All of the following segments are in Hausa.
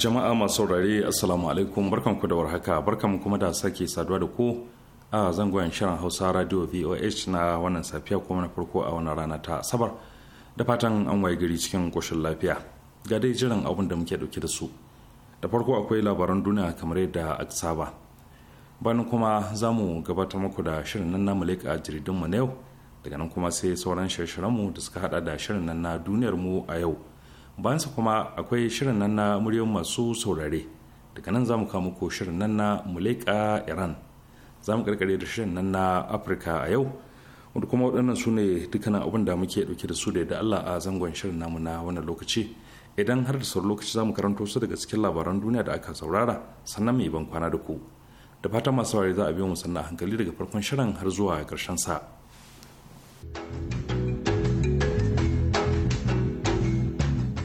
jama'a masu saurare assalamu alaikum barkan ku da warhaka barkan kuma da sake saduwa da ku a zangon shirin hausa radio voh na wannan safiya kuma na farko a wannan rana ta asabar da fatan an waye gari cikin koshin lafiya ga dai jiran abin da muke dauke da su da farko akwai labaran duniya kamar yadda aka saba bayan kuma za mu gabatar muku da shirin nan na a mu na yau daga nan kuma sai sauran shirye-shiryenmu da suka hada da shirin nan na duniyar mu a yau sa kuma akwai shirin nan na muryoyin masu saurare daga nan za mu kawo muku shirin nan na muleka iran za mu karkare da shirin nan na afirka a yau wanda kuma waɗannan su ne dukkanin abin da muke ɗauke da su da yadda allah a zangon shirin namu na wannan lokaci idan har da sauran lokaci za mu karanto su daga cikin labaran duniya da aka saurara sannan mai ban kwana da ku da fatan masu saurare za a biyo mu sannan hankali daga farkon shirin har zuwa ƙarshen sa.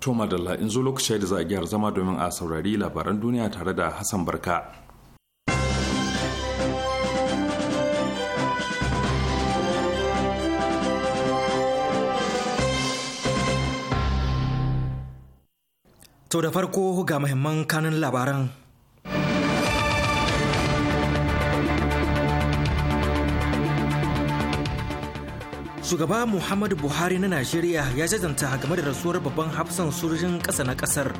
Toma madalla in zo lokaci da za a gyara zama domin a saurari labaran duniya tare da Hassan Barka. To da farko ga muhimman kanin labaran. shugaba muhammadu buhari na najeriya ya jajanta game da rasuwar babban hafsan sojojin ƙasa na ƙasar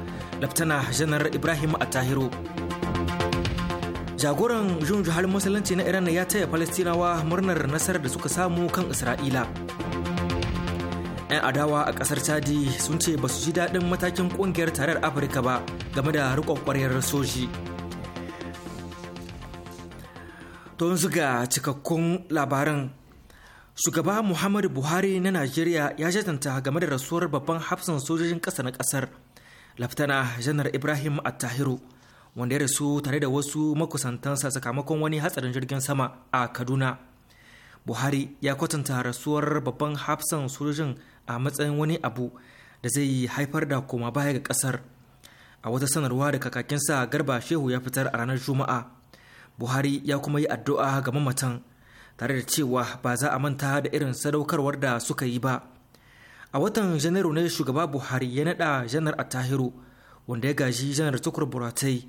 laftana janar ibrahim atahiru jagoran jun juhar musulunci na iran ya taya falastinawa murnar nasarar da suka samu kan isra'ila 'yan adawa a ƙasar chadi sun ce ba su ji daɗin matakin ƙungiyar tarar afirka ba game da riƙon ƙwaryar soji don zuga cikakkun labaran shugaba muhammadu buhari na najeriya ya jatanta game da rasuwar babban hafsan sojojin ƙasa na ƙasar laftana janar ibrahim attahiru wanda ya rasu tare da wasu makusantansa sakamakon wani hatsarin jirgin sama a kaduna buhari ya kwatanta rasuwar babban hafsan sojojin a matsayin wani abu da zai haifar da koma baya ga ƙasar. a wata sanarwa da kakakinsa garba shehu ya fitar a ranar juma'a buhari ya kuma yi addu'a ga mamatan tare da cewa ba za a manta da irin sadaukarwar da suka yi ba a watan janairu ne shugaba buhari ya naɗa janar atahiru wanda ya gaji janar tukur buratai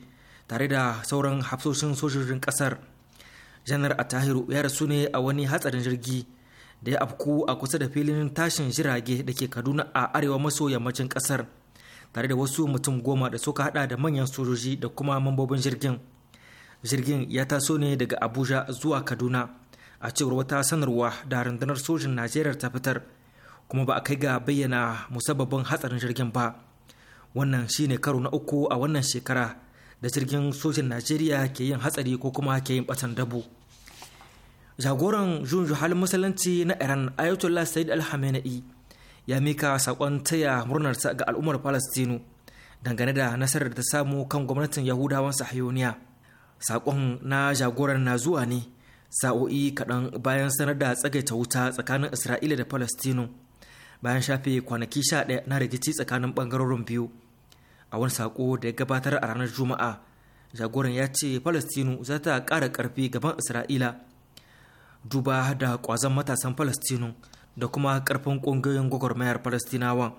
tare da sauran hafsoshin sojojin ƙasar janar atahiru ya rasu ne a wani hatsarin jirgi da ya afku a kusa da filin tashin jirage da ke kaduna a arewa maso yammacin ƙasar tare da wasu mutum goma da suka hada da manyan sojoji da kuma mambobin jirgin jirgin ya taso ne daga abuja zuwa kaduna a cewar wata sanarwa da rundunar sojin najeriya ta fitar kuma ba a kai ga bayyana musabbabin hatsarin jirgin ba wannan shine karo na uku a wannan shekara da jirgin sojin najeriya ke yin hatsari ko kuma ke yin batan dabo jagoran junju halin musulunci na iran ayatollah said al ya mika sakon taya murnarsa ga al'ummar palestinu dangane da nasarar da ta samu kan gwamnatin yahudawan sahiyoniya sakon na jagoran na zuwa ne sa'o'i kaɗan bayan sanar da tsagaita wuta tsakanin isra'ila da palestino bayan shafe kwanaki sha ɗaya na rikici tsakanin ɓangarorin biyu a wani saƙo da ya gabatar a ranar juma'a jagoran ya ce palestino za ta ƙara ƙarfi gaban isra'ila duba da ƙwazon matasan palestino da kuma ƙarfin ƙungiyoyin gwagwarmayar palestinawa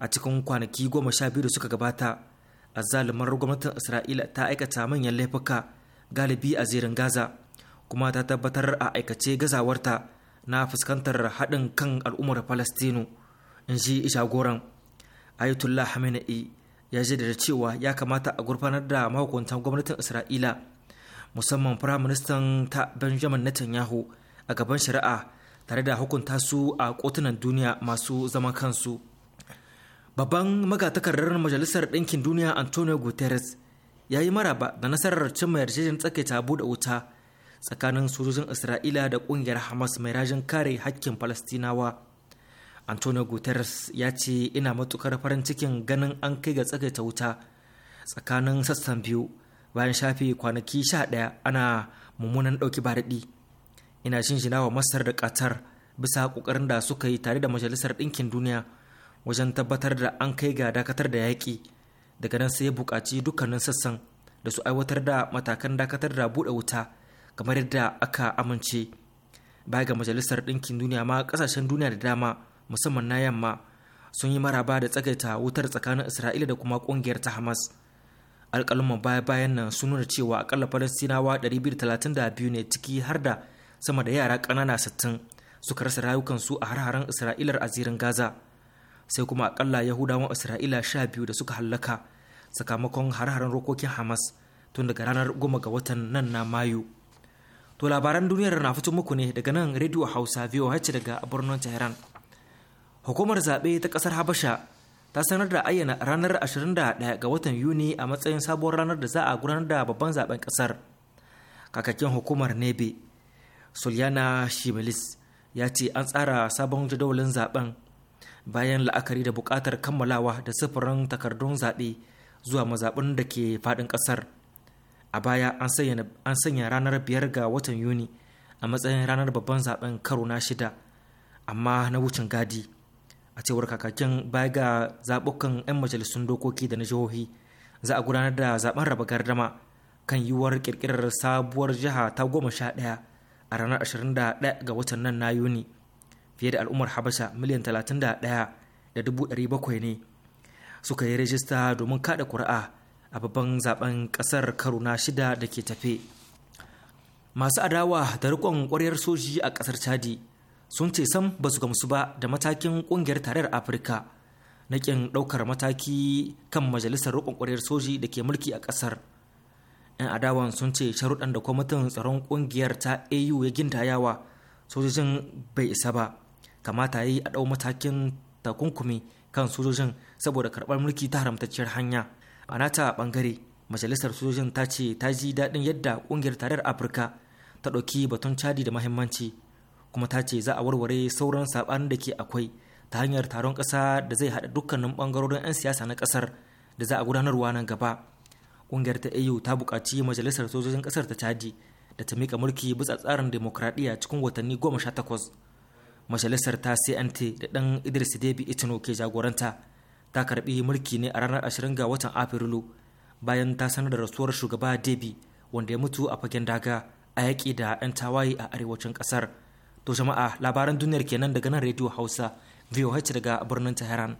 a cikin kwanaki goma sha biyu da suka gabata azzalumar gwamnatin isra'ila ta aikata manyan laifuka galibi a zirin gaza kuma ta tabbatar a aikace gazawarta na fuskantar haɗin kan al'ummar palestino in ji ija-goron. ayatollah hamenei ya da cewa ya kamata a gurfanar da mahukuntan gwamnatin isra'ila musamman firaministan ta benjamin netanyahu a gaban shari'a tare da hukunta su a kotunan duniya masu zaman kansu babban magatakarrar majalisar ɗinkin duniya antonio guterres ya yi maraba da nasarar cimma yarjejen tsakaita buɗe wuta tsakanin sojojin isra'ila da kungiyar hamas mai rajin kare hakkin falastinawa antonio guterres ya ce ina matukar farin cikin ganin an kai ga tsagaita wuta tsakanin sassan biyu bayan shafe kwanaki sha ɗaya ana mummunan ɗauki baradi ina shinshina wa masar da ƙatar bisa ƙoƙarin da suka yi tare da majalisar ɗinkin duniya wajen tabbatar da an kai ga dakatar da yaƙi daga nan sai ya buƙaci dukkanin sassan da su aiwatar da matakan dakatar da buɗe wuta kamar yadda aka amince baya ga majalisar ɗinkin duniya ma ƙasashen duniya da dama musamman na yamma sun yi maraba da tsagaita wutar tsakanin isra'ila da kuma ƙungiyar ta hamas alƙaluman baya bayan nan sun nuna cewa akalla falastinawa 232 ne ciki har da sama da yara ƙanana 60 suka rasa rayukansu a har-haren isra'ilar a gaza sai kuma akalla yahudawan isra'ila 12 da suka hallaka sakamakon har-haren rokokin hamas tun daga ranar 10 ga watan nan na mayu To labaran duniyar na fito muku ne daga nan Radio Hausa VOH daga birnin Tehran. Hukumar zaɓe ta ƙasar Habasha ta sanar da ayyana ranar 21 ga watan Yuni a matsayin sabuwar ranar da za a gudanar da babban zaɓen ƙasar. Kakakin hukumar Nebe, Sulyana Shimilis, ya ce an tsara sabon jadawalin zaben bayan la'akari da buƙatar kammalawa da sufurin takardun zaɓe zuwa mazaɓin da ke faɗin ƙasar. a baya an sanya ranar biyar ga watan yuni a matsayin ranar babban zaben karo na shida amma na wucin gadi a cewar kakakin baya ga zaɓukan 'yan majalisun dokoki da na jihohi za a gudanar da zaben raba gardama kan yiwuwar kirkirar sabuwar jiha ta goma sha ɗaya a ranar 21 ga watan nan na yuni fiye da al'ummar habasha miliyan 31 da dubu ne suka yi rajista domin kada kuri'a a babban zaben kasar karo na shida da ke tafe masu adawa da rikon kwaryar soji a kasar chadi sun ce sam ba su gamsu ba da matakin kungiyar tarayyar afirka na kin daukar mataki kan majalisar rikon kwaryar soji da ke mulki a kasar 'yan adawan sun ce sharuɗan da kwamitin tsaron kungiyar ta au ya gindayawa sojojin bai isa ba kamata yi a ɗau matakin takunkumi kan sojojin saboda karɓar mulki ta haramtacciyar hanya a nata bangare majalisar sojojin ta ce ta ji daɗin yadda ƙungiyar tarayyar afirka ta ɗauki batun cadi da mahimmanci kuma ta ce za a warware sauran saɓanin da ke akwai ta hanyar taron ƙasa da zai haɗa dukkanin ɓangarorin 'yan siyasa na ƙasar da za a gudanarwa nan gaba ƙungiyar ta au ta buƙaci majalisar sojojin ƙasar ta cadi da ta miƙa mulki bisa tsarin demokradiyya cikin watanni goma sha takwas majalisar ta cnt da ɗan idris debi itino ke jagoranta ta karbi mulki ne a ranar ashirin ga watan afrilu bayan ta sanar da rasuwar shugaba debi wanda ya mutu a fagen daga a yaƙi da 'yan tawaye a arewacin ƙasar to jama'a labaran duniyar kenan daga nan rediyo hausa voh daga birnin tehran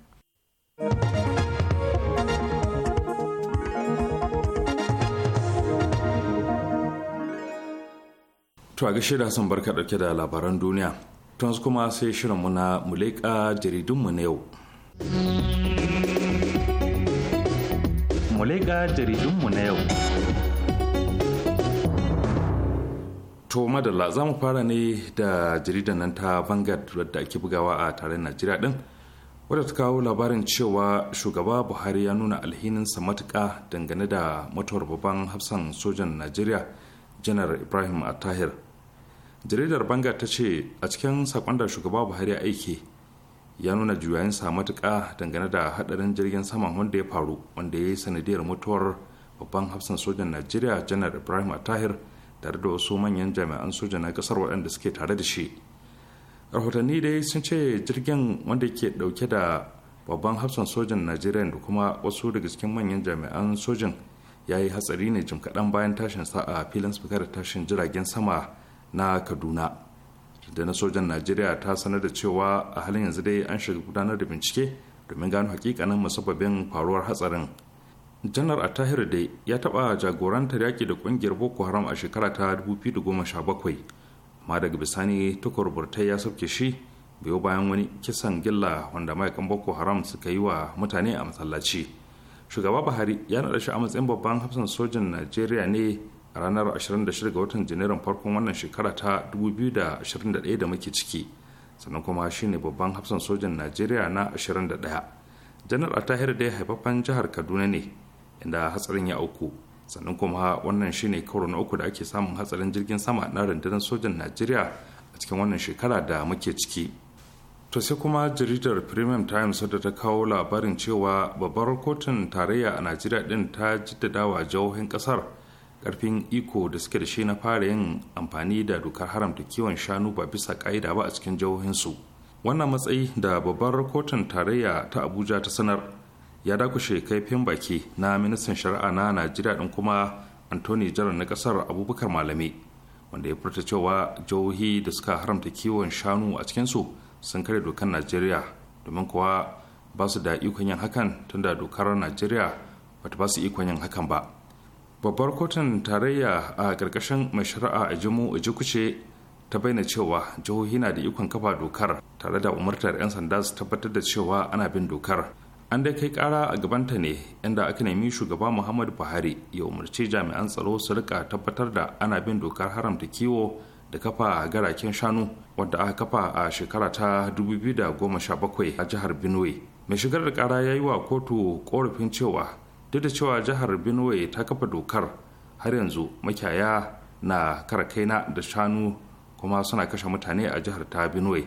To a gaishe da son barka dauke da labaran duniya. Tunzu kuma sai shirinmu na muleka jaridunmu na yau. Mulega jaridunmu na yau. To madalla za mu fara ne da jaridan nan ta Vanguard wadda ake bugawa a tare Najeriya din. wadda ta kawo labarin cewa shugaba buhari ya nuna alhininsa matuka dangane da mutuwar babban hafsan sojan najeriya janar ibrahim atahir jaridar banga ta ce a cikin sakon da shugaba buhari ya aiki ya nuna juyayensa matuka dangane da haɗarin jirgin saman wanda ya faru wanda ya yi sanadiyar mutuwar babban hafsan sojan najeriya janar ibrahim atahir tare da wasu manyan jami'an soja na kasar waɗanda suke tare da shi rahotanni dai sun ce jirgin wanda ke ɗauke da babban hafsan sojan najeriya da kuma wasu daga cikin manyan jami'an sojan ya yi hatsari ne jim kaɗan bayan tashin sa a filin da tashin jiragen sama na kaduna da na sojan najeriya ta sanar da cewa a halin yanzu dai an shiga gudanar da bincike domin gano hakikanin musabbabin faruwar hatsarin janar atahir dai ya taɓa jagorantar yaƙi da ƙungiyar boko haram a shekara ta 2017 ma daga bisani tukur burtai ya sauke shi biyo bayan wani kisan gilla wanda ma'aikan boko haram suka yi wa mutane a masallaci shugaba buhari ya naɗa shi a matsayin babban hafsan sojan najeriya ne a ranar 26 ga watan janairun farkon wannan shekara ta 2021 da muke ciki sannan kuma shine babban hafsan sojan najeriya na 21 janar tahir ya haifafan jihar kaduna ne inda hatsarin ya auku sannan kuma wannan shine karo na uku da ake samun hatsarin jirgin sama na rundunar sojan najeriya a cikin wannan shekara da muke ciki to sai kuma jaridar premium times da ta kawo labarin cewa babbar kotun tarayya a najeriya din ta jaddadawa jihohin kasar karfin iko da suke da shi na fara yin amfani da dokar haramta kiwon shanu ba bisa ka'ida ba a cikin jihohinsu wannan matsayi da babbar kotun tarayya ta abuja ta sanar ya dakushe kaifin baki na ministan shari'a na najeriya din kuma anthony jaron na kasar abubakar malami wanda ya furta cewa jihohi da suka haramta kiwon shanu a cikinsu sun karya dokar najeriya domin kuwa ba su da ikon yin hakan tunda dokar najeriya bata ba su ikon yin hakan ba babbar kotun tarayya a ƙarƙashin mai shari'a a jimu kuce ta bayyana cewa jihohi na da ikon kafa dokar tare da umartar 'yan sanda su tabbatar da cewa ana bin dokar an dai kai kara a gabanta ne inda aka nemi shugaba muhammadu buhari ya umarci jami'an tsaro su rika tabbatar da ana bin dokar haramta kiwo da kafa garaken shanu wadda aka kafa a shekara ta 2017 a jihar benue mai shigar da kara ya yi wa kotu korafin cewa duk da cewa jihar benue ta kafa dokar har yanzu makiyaya na kara kaina da shanu kuma suna kashe mutane a jihar ta benue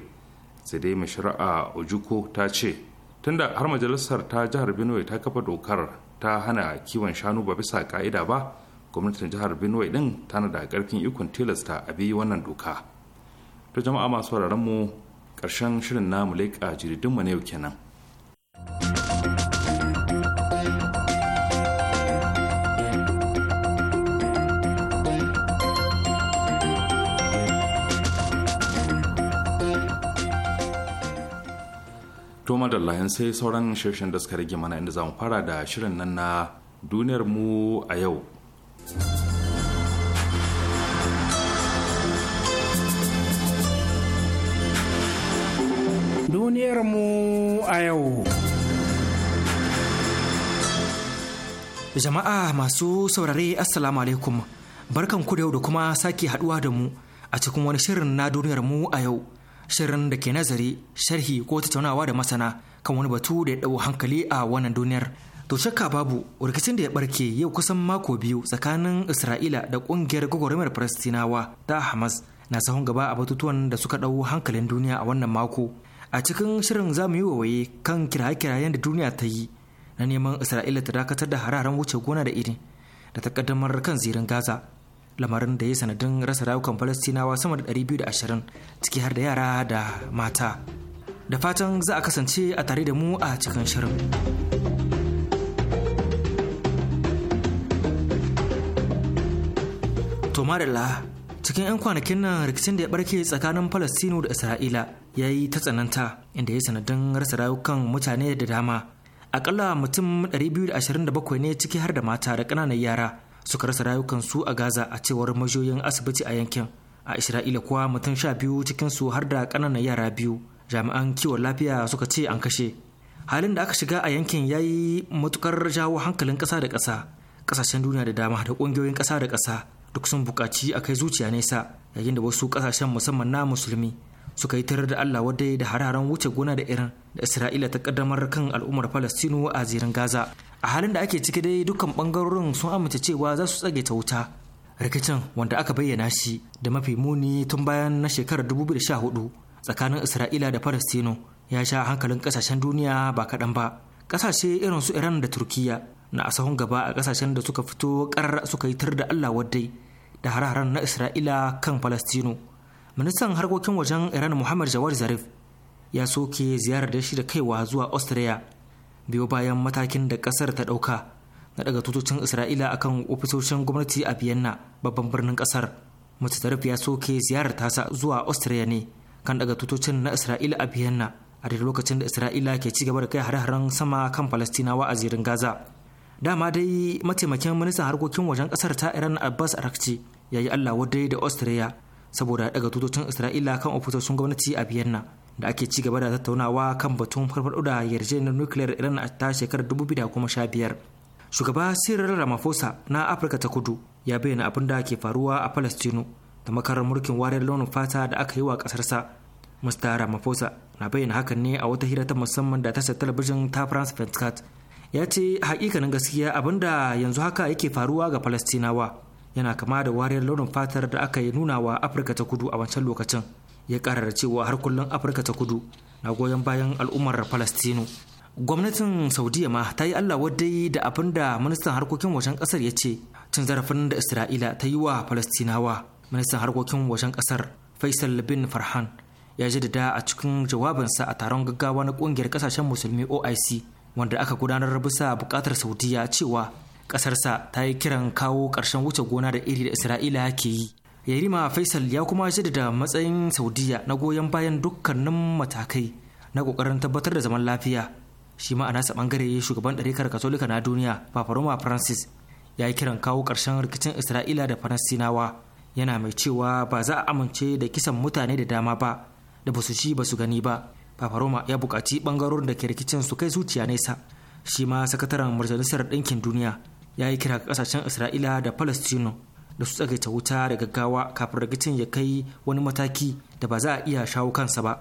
sai dai mai shari'a ojuko ta ce tunda har majalisar ta jihar benue ta kafa dokar ta hana kiwon shanu ba bisa ka'ida ba gwamnatin jihar benue din tana da karfin ikon tilasta a bi wannan doka ta jama'a masu mu karshen shirin na mu leƙa jiridinmu na yau kenan da yan sai sauran shirshen da suka rage mana inda za mu fara da shirin nan na duniyar mu a yau duniyar mu a yau jama'a masu saurare assalamu alaikum barkan ku da yau da kuma sake haduwa da mu a cikin wani shirin na duniyar mu a yau shirin da ke nazari sharhi ko tattaunawa da masana kan wani batu da ya ɗau hankali a wannan duniyar to shakka babu rikicin da ya barke yau kusan mako biyu tsakanin isra'ila da ƙungiyar gwagwarmayar falastinawa ta hamas na sahun gaba a batutuwan da suka ɗau hankalin duniya a wannan mako a cikin shirin za mu yi wawaye kan kiraye-kirayen da duniya ta yi na neman isra'ila ta dakatar da hararen wuce gona da iri da ta kaddamar kan zirin gaza lamarin da ya sanadin rasa rayukan falastinawa sama da 220 ciki har da yara da mata da fatan za a kasance a tare da mu a cikin shirin to cikin 'yan kwanakin nan rikicin da ya barke tsakanin falastinu da isra'ila ya yi ta tsananta inda ya sanadin rasa rayukan mutane da dama akalla mutum 227 ne ciki har da mata da ƙananan yara suka rasa rayukan su a gaza a cewar majiyoyin asibiti a yankin a isra'ila kuwa mutum sha biyu cikinsu har da ƙananan yara biyu jami'an kiwon lafiya suka ce an kashe halin da aka shiga a yankin ya yi matukar jawo hankalin ƙasa da ƙasa ƙasashen duniya da dama da ƙungiyoyin ƙasa da ƙasa duk sun buƙaci a kai zuciya nesa yayin da wasu ƙasashen musamman na musulmi suka yi tarar da Allah wadai da hararen wuce gona da irin da Isra'ila ta kaddamar kan al'ummar Falastinu a zirin Gaza. A halin da ake ciki dai dukkan bangarorin sun amince cewa za su tsage ta wuta. Rikicin wanda aka bayyana shi da mafi muni tun bayan na shekarar 2014 tsakanin Isra'ila da Falastinu ya sha hankalin kasashen duniya ba kaɗan ba. ƙasashe irin su Iran da Turkiyya na a sahun gaba a kasashen da suka fito ƙarar suka yi tar da Allah wadai da hararen na Isra'ila kan Falastinu. ministan harkokin wajen iran muhammad jawar zarif ya soke ziyarar da shi da kaiwa zuwa austria biyo bayan matakin da kasar ta dauka na daga tutocin isra'ila akan ofisoshin gwamnati a vienna babban birnin kasar zarif ya soke ziyarar tasa zuwa austria ne kan daga tutocin na isra'ila a vienna a daidai lokacin da isra'ila ke ci gaba da kai hare-haren sama kan falastinawa a zirin gaza dama dai mataimakin ministan harkokin wajen kasar ta iran abbas arakci ya yi allah wadai da austria saboda daga tutocin isra'ila kan ofisoshin gwamnati a vienna da ake ci gaba da tattaunawa kan batun farfaɗo da yarjejeniyar nukiliyar iran a ta shekarar 2015 shugaba cyril ramaphosa na afirka ta kudu ya bayyana abin da ke faruwa a palestino da makarar mulkin wariyar launin fata da aka yi wa sa mr ramaphosa na bayyana hakan ne a wata hira ta musamman da tashar talabijin ta france 24 ya ce hakikanin gaskiya abin da yanzu haka yake faruwa ga palestinawa yana kama da wariyar launin fatar da aka yi nuna wa afirka ta kudu a wancan lokacin ya karara da cewa har kullum afirka ta kudu na goyon bayan al'ummar palestino gwamnatin saudiya ma ta yi allah wadai da abin da ministan harkokin wajen kasar ya ce cin zarafin da isra'ila ta yi wa palestinawa ministan harkokin wajen kasar faisal bin farhan ya jaddada a cikin jawabinsa a taron gaggawa na kungiyar kasashen musulmi oic wanda aka gudanar bisa bukatar saudiya cewa kasarsa ta yi kiran kawo ƙarshen wuce gona da iri da isra'ila ke yi yarima faisal ya kuma jaddada matsayin saudiya na goyon bayan dukkanin matakai na ƙoƙarin tabbatar da zaman lafiya shi ma a nasa bangare shugaban ɗarikar katolika na duniya paparoma francis ya yi kiran kawo karshen rikicin isra'ila da falastinawa yana mai cewa ba za a amince da kisan mutane da dama ba da basu shi basu gani ba paparoma ya bukaci bangarorin da ke rikicin su kai zuciya nesa shi ma sakataren majalisar ɗinkin duniya ya yi kira ga kasashen isra'ila da palestino da su tsagaita wuta da gaggawa kafin rikicin ya kai wani mataki da ba za a iya shawo kansa ba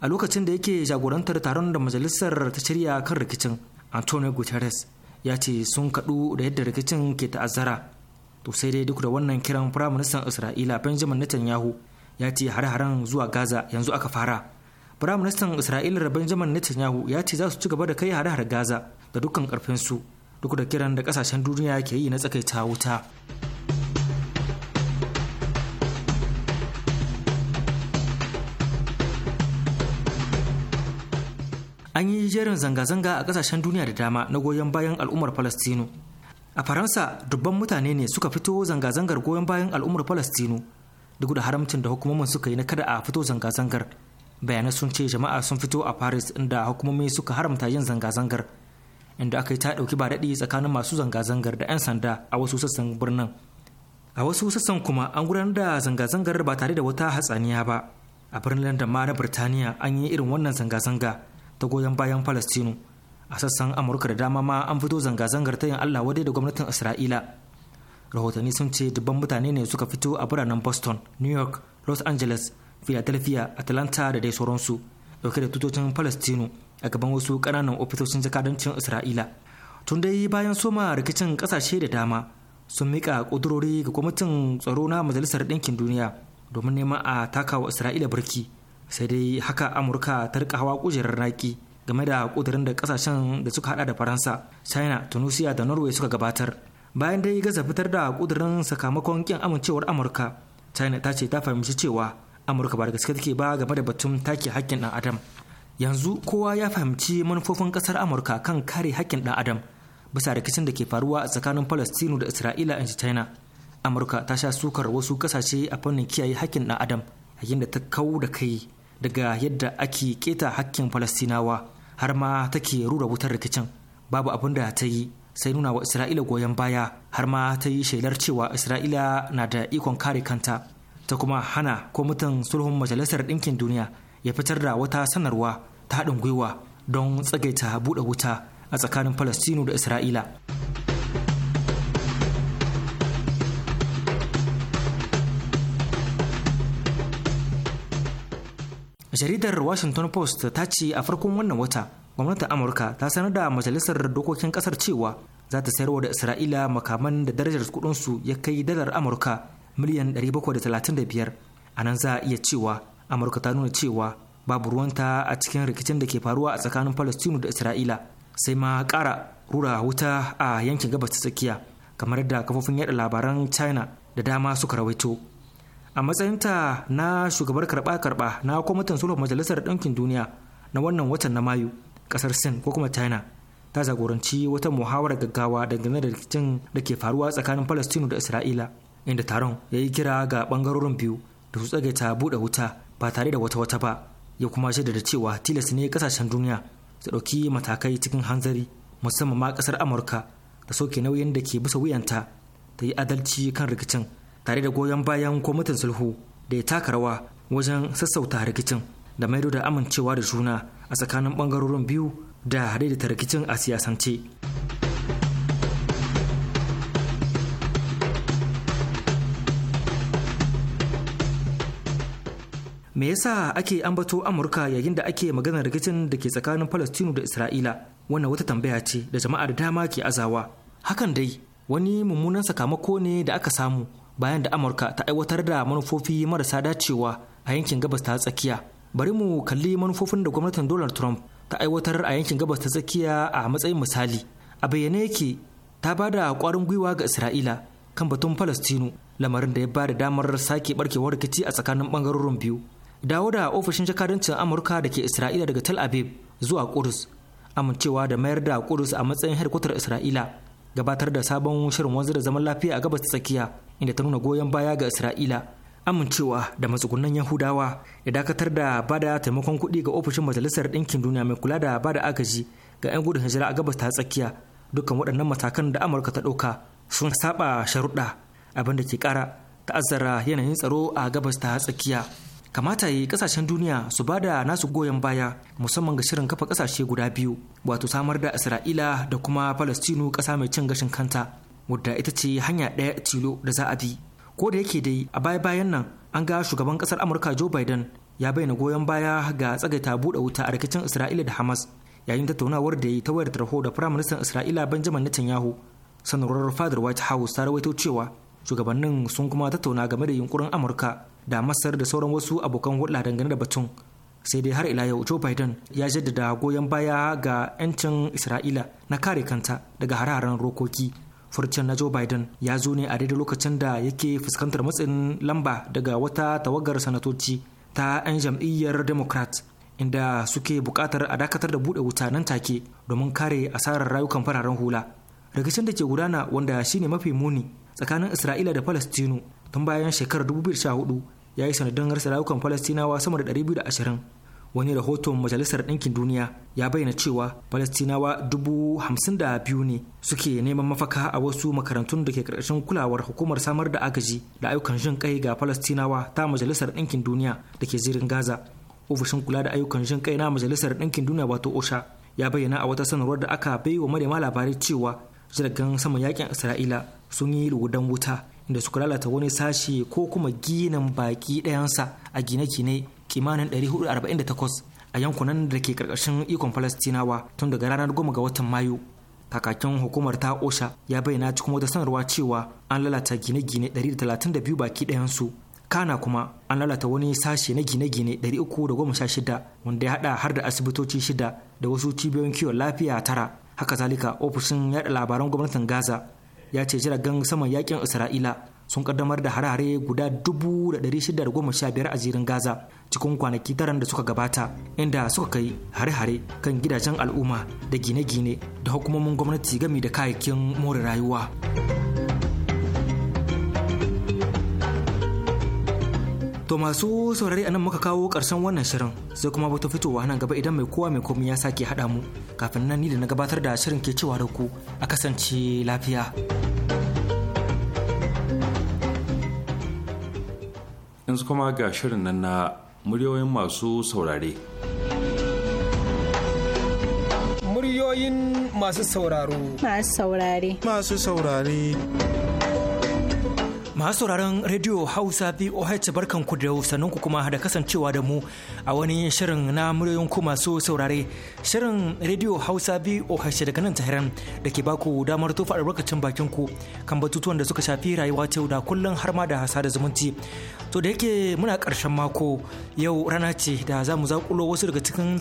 a lokacin da yake jagorantar taron da majalisar ta shirya kan rikicin antonio guterres ya ce sun kaɗu da yadda rikicin ke ta'azzara to sai dai duk da wannan kiran firaministan isra'ila benjamin netanyahu ya ce har haren zuwa gaza yanzu aka fara firaministan isra'ila benjamin netanyahu ya ce za su ci gaba da kai har har gaza da dukkan karfinsu duk da kiran da kasashen duniya ke yi na tsakaita wuta an yi jerin zanga-zanga a kasashen duniya da dama na goyon bayan al'ummar falastinu a faransa dubban mutane ne suka fito zanga-zangar goyon bayan al'ummar falastinu duk da haramcin da hukumomin suka yi na kada a fito zanga-zangar bayanai sun ce jama'a sun fito a paris inda hukumomi suka haramta yin zanga-zangar inda aka yi ta dauki ba daɗi tsakanin masu zanga-zangar da 'yan sanda a wasu sassan birnin a wasu sassan kuma an gudanar da zanga-zangar ba tare da wata hatsaniya ba a birnin da ma na birtaniya an yi irin wannan zanga-zanga ta goyon bayan palestino a sassan amurka da dama ma an fito zanga-zangar ta yin allah wadai da gwamnatin isra'ila rahotanni sun ce dubban mutane ne suka fito a biranen boston new york los angeles philadelphia atlanta da dai sauransu dauke da tutocin palestino a gaban wasu ƙananan ofisoshin jakadancin isra'ila tun dai bayan soma rikicin ƙasashe da dama sun mika ƙudurori ga kwamitin tsaro na majalisar ɗinkin duniya domin neman a takawa isra'ila birki sai dai haka amurka ta rika hawa kujerar naki game da ƙudurin da ƙasashen da suka haɗa da faransa china tunisia da norway suka gabatar bayan dai gaza fitar da ƙudurin sakamakon kin amincewar amurka china ta ce ta fahimci cewa amurka ba da gaske take ba game da batun take hakkin ɗan adam yanzu kowa ya fahimci manufofin ƙasar amurka kan kare hakkin ɗan adam bisa rikicin da ke faruwa a tsakanin falastinu da isra'ila in china amurka ta sha sukar wasu ƙasashe a fannin kiyaye hakkin ɗan adam yayin da ta kau da kai daga yadda ake keta hakkin falastinawa har ma take rura wutar rikicin babu abin da ta yi sai nuna wa isra'ila goyon baya har ma ta yi shelar cewa isra'ila na da ikon kare kanta ta kuma hana kwamitin sulhun majalisar ɗinkin duniya ya fitar da wata sanarwa ta haɗin gwiwa don tsagaita buɗe wuta a tsakanin falastinu da isra'ila jaridar washington post ta ce a farkon wannan wata gwamnatin amurka ta sanar da majalisar dokokin kasar cewa za ta sayarwa da isra'ila makaman da darajar kudinsu ya kai dalar amurka miliyan 735 a nan za a iya cewa amurka ta nuna cewa babu ruwanta a cikin rikicin da ke faruwa a tsakanin palestinu da isra'ila sai ma kara rura wuta a yankin gabas ta tsakiya kamar da kafofin yada labaran china da dama suka rawaito a matsayinta na shugabar karba-karba na kwamitin sulhu majalisar ɗinkin duniya na wannan watan na mayu kasar sin ko kuma china ta jagoranci wata muhawarar gaggawa dangane da rikicin da ke faruwa tsakanin palestinu da isra'ila inda taron ya yi kira ga bangarorin biyu da su tsagaita buɗe wuta ba tare da wata-wata ba ya kuma da cewa tilas ne kasashen duniya su ɗauki matakai cikin hanzari musamman ma ƙasar amurka da soke nauyin da ke bisa wuyanta ta yi adalci kan rikicin tare da goyon bayan kwamitin sulhu da ya taka rawa wajen sassauta rikicin da maido da amincewa da juna a tsakanin bangarorin biyu da daidaita rikicin a siyasance. me yasa ake ambato amurka yayin da ake maganar rikicin da ke tsakanin palestinu da isra'ila wannan wata tambaya ce da jama'a da dama ke azawa hakan dai wani mummunan sakamako ne da aka samu bayan da amurka ta aiwatar da manufofi marasa dacewa a yankin gabas ta tsakiya bari mu kalli manufofin da gwamnatin donald trump ta aiwatar a yankin gabas ta tsakiya a matsayin misali a bayyane yake ta ba da kwarin gwiwa ga isra'ila kan batun palestinu lamarin da ya ba da damar sake barkewar rikici a tsakanin bangarorin biyu dawo da ofishin jakadancin amurka da ke isra'ila daga tel aviv zuwa kudus amincewa da mayar da kudus a matsayin harkotar isra'ila gabatar da sabon shirin wanzar da zaman lafiya a gabas ta tsakiya inda ta nuna goyon baya ga isra'ila amincewa da matsugunan yahudawa ya dakatar da bada taimakon kuɗi ga ofishin majalisar ɗinkin duniya mai kula da bada agaji ga 'yan gudun hijira a gabas ta tsakiya dukkan waɗannan matakan da amurka ta ɗauka sun saba sharuɗa abinda ke ƙara ta'azzara yanayin tsaro a gabas ta tsakiya kamata yi kasashen duniya su ba da nasu goyon baya musamman ga shirin kafa kasashe guda biyu wato samar da isra'ila da kuma palestinu kasa mai cin gashin kanta wadda ita ce hanya ɗaya tilo da za a bi ko da yake dai a baya bayan nan an ga shugaban kasar amurka joe biden ya bayyana goyon baya ga tsagaita buɗe wuta a rikicin isra'ila da hamas yayin tattaunawar da ya yi ta wayar tarho da firaministan isra'ila benjamin netanyahu sanarwar fadar white house ta rawaito cewa shugabannin sun kuma tattauna game da yunkurin amurka da masar da sauran wasu abokan hulɗa dangane da batun sai dai har ila yau joe biden ya jaddada goyon baya ga 'yancin isra'ila na kare kanta daga hararen rokoki furcin na joe biden ya zo ne a daidai lokacin da yake fuskantar matsin lamba daga wata tawagar sanatoci ta 'yan jam'iyyar democrat inda suke buƙatar a dakatar da buɗe wuta nan take domin kare asarar rayukan fararen hula rikicin da ke gudana wanda shine mafi muni tsakanin isra'ila da palestino tun bayan shekarar 2014 ya yi sanadin rasa rayukan falastinawa sama da 220 wani rahoton majalisar ɗinkin duniya ya bayyana cewa falastinawa dubu hamsin ne suke neman mafaka a wasu makarantun da ke karkashin kulawar hukumar samar da agaji da ayyukan jin kai ga falastinawa ta majalisar ɗinkin duniya da ke zirin gaza ofishin kula da ayyukan jin kai na majalisar ɗinkin duniya wato osha ya bayyana a wata sanarwar da aka bai wa manema labarai cewa jiragen saman yakin isra'ila sun yi lugudan wuta da suka lalata wani sashi ko kuma ginin baki ɗayansa a gine-gine kimanin 448 a yankunan da ke karkashin ikon falastinawa tun daga ranar goma ga watan mayu kakakin hukumar ta osha ya bayyana cikin wata sanarwa cewa an lalata gine-gine 132 baki ɗayansu kana kuma an lalata wani sashe na gine-gine 316 wanda ya hada har da asibitoci shida da wasu cibiyoyin kiwon lafiya tara haka zalika ofishin yada labaran gwamnatin gaza ya ce jiragen saman yakin isra'ila sun kaddamar da hare-hare guda 615 a jirin gaza cikin kwanaki taran da suka gabata inda suka kai hare-hare kan gidajen al'umma da gine-gine da hukumomin gwamnati gami da kayakin more rayuwa. To masu saurari anan muka kawo karshen wannan shirin sai kuma bata fitowa nan gaba idan mai kowa mai komai ya sake haɗa mu kafin nan ni da na gabatar da shirin ke cewa da ku a kasance lafiya. Yanzu kuma ga shirin nan na muryoyin masu saurare. Muryoyin masu sauraro. Masu saurare. Masu saurare. Masu sauraron Radio Hausa VOH barkanku da ku kuma da kasancewa da mu a wani shirin na muryoyin ku masu saurare. Shirin Radio Hausa VOH daga nan Tahiran da ke baku damar tofa albarkacin bakin ku kan batutuwan da suka shafi rayuwa ta da kullum har ma da hasa da zumunci. To da yake muna karshen mako yau rana ce da za mu zakulo wasu daga cikin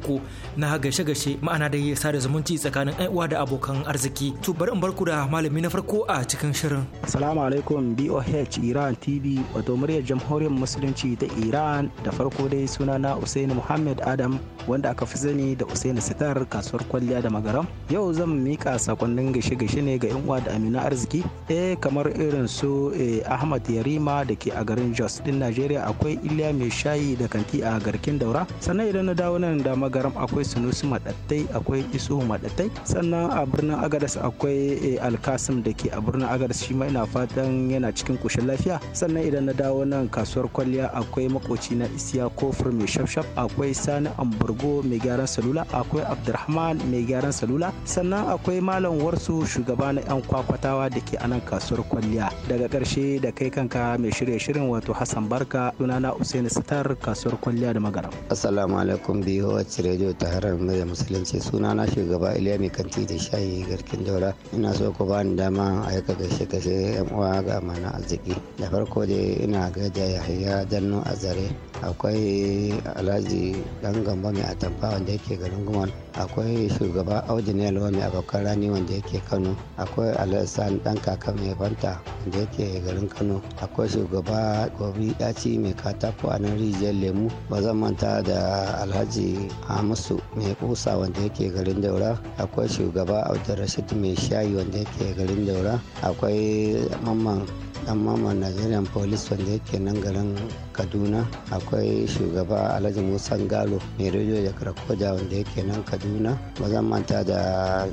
ku na gashe-gashe ma'ana da sada zumunci tsakanin uwa da abokan arziki. To bari in barku da malami na farko a cikin shirin. boh iran tv wato muryar jamhuriyar musulunci ta iran da farko dai sunana usaini muhammad adam wanda aka fi sani da usaini sitar kasuwar kwalliya da magaram yau zan mika sakonnin gaishe-gaishe ne ga uwa da amina arziki eh kamar irin su eh, ahmad yarima da ke a garin jos din najeriya akwai iliya mai shayi da kanti a garkin daura sannan idan na dawo nan da magaram akwai sunusu madattai akwai isu madattai sannan a birnin agadas akwai eh, alkasim da ke a birnin agadas shi ina fatan yana cikin koshin lafiya sannan idan na dawo nan kasuwar kwalliya akwai makoci na isiya kofur mai shafshaf akwai sani ambargo mai gyaran salula akwai abdurrahman mai gyaran salula sannan akwai malam warsu shugaba na yan kwakwatawa da ke anan kasuwar kwalliya daga karshe da kai kanka mai shirye shirin wato hassan barka sunana usaini sitar kasuwar kwalliya da magaram assalamu alaikum biyu wacce rediyo ta harar mai musulunci sunana shugaba iliya mai kanti da shayi garkin daura ina so ku bani dama a aika gashe gashe yan uwa ga amana na arziki da farko dai ina gaida yahaya danno zare akwai alhaji dan gamba mai atamfa wanda yake garin gumal akwai shugaba aujinel wani abokan rani wanda yake kano akwai alhassan dan kaka mai fanta wanda yake garin kano akwai shugaba gobi yaci mai katako a nan rijiyar lemu ba zan manta da alhaji Amusu mai kusa wanda yake garin daura akwai shugaba Rashid mai shayi wanda yake garin daura akwai mamman dan mamman nigerian police wanda yake nan garin kaduna akwai shugaba alhaji musan galo mai rediyo da karkoja wanda yake nan kaduna kaduna ba zan manta da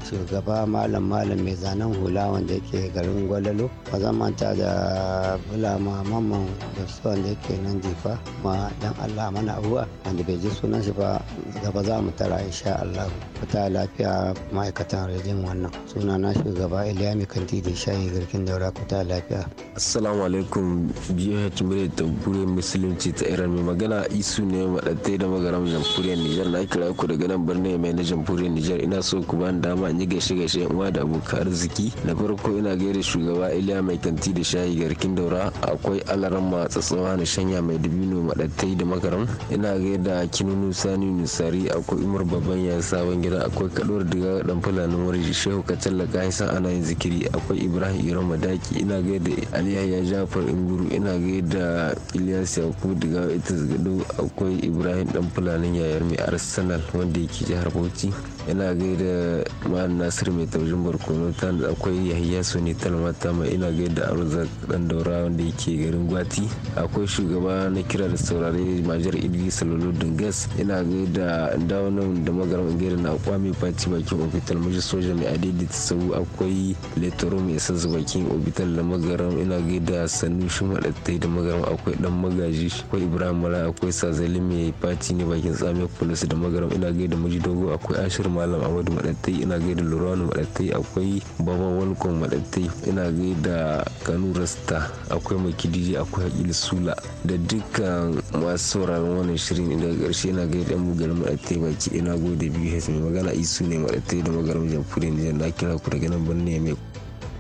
shugaba malam malam mai zanen hula wanda yake garin gwalalo ba zan manta da bulama mamman da wanda yake nan jifa ma dan allah mana abuwa wanda bai ji sunan shi ba gaba za mu tara insha allah fita lafiya ma'aikatan rediyon wannan suna na shugaba iliya mai kanti da shayi garkin daura kuta lafiya assalamu alaikum biyu hakimai ta tamburin musulunci ta iran mai magana isu ne maɗatai da magaram jamhuriyar nijar na kira ku daga nan birnin mai na jamhuriyar Nijar ina so ku bani dama in yi gaishe gaishe uwa da abokan arziki na farko ina gaida shugaba Iliya mai kanti da shayi garkin daura akwai alaran matsatsawa na shanya mai dubino madattai da makaram ina gaida kinunu sani nusari akwai umar babban ya sabon gida akwai kaduwar diga dan fulani wuri shehu katalla kaisa ana yin zikiri akwai ibrahim iran madaki ina gaida aliya ya jafar inguru ina gaida ilyas yakubu diga ita gado akwai ibrahim dan fulanin yayar mai arsenal wanda yake jihar bauchi 机。ina gaida ma'an nasir mai taujin barkono ta akwai yahiya sani talmata mai ina gaida arzak dan daura wanda yake garin gwati akwai shugaba na kira da saurare majar idris lolo dungas ina gaida dawunan da magaram gaida na kwami fati bakin ofital maji soja mai adidi ta sau akwai letoro mai sassa bakin ofital da magaram ina gaida sannu shi maɗattai da magaram akwai dan magaji akwai ibrahim mala akwai sazali mai fati ne bakin tsamiyar polis da magaram ina gaida maji dogo akwai ashirin malam Ahmadu Madattai ina gaida lorano Madattai akwai Baba Walcom Madattai ina gaida Kanu Rasta akwai Makidiji akwai Hakil Sula da dukkan masu sauraron wannan shirin daga karshe ina gaida yan garin Madattai baki ina gode biyu mai magana isu ne Madattai da magarin jamhuriyar na kira ku daga nan birni mai